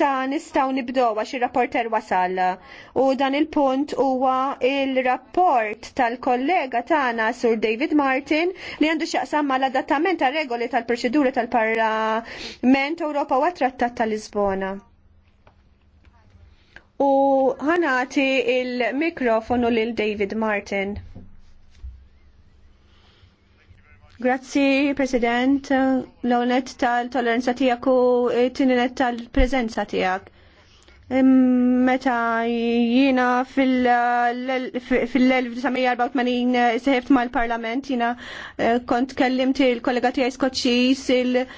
issa nistgħu nibdow għax ir-rapporter wasal. U dan il-punt huwa il-rapport tal-kollega tagħna Sur David Martin li għandu x'jaqsam mal-adattament ta' regoli tal-proċeduri tal-Parlament Ewropa u trattat tal-Lisbona. U ħanati il-mikrofonu lil David Martin. Grazzi, President, l onet tal-toleranza tijak u t-tininet tal-prezenza tijak. Meta jina fil-1984 seħeft mal-parlament jina eh, kont kellimti l-kollega tijaj skoċċis il-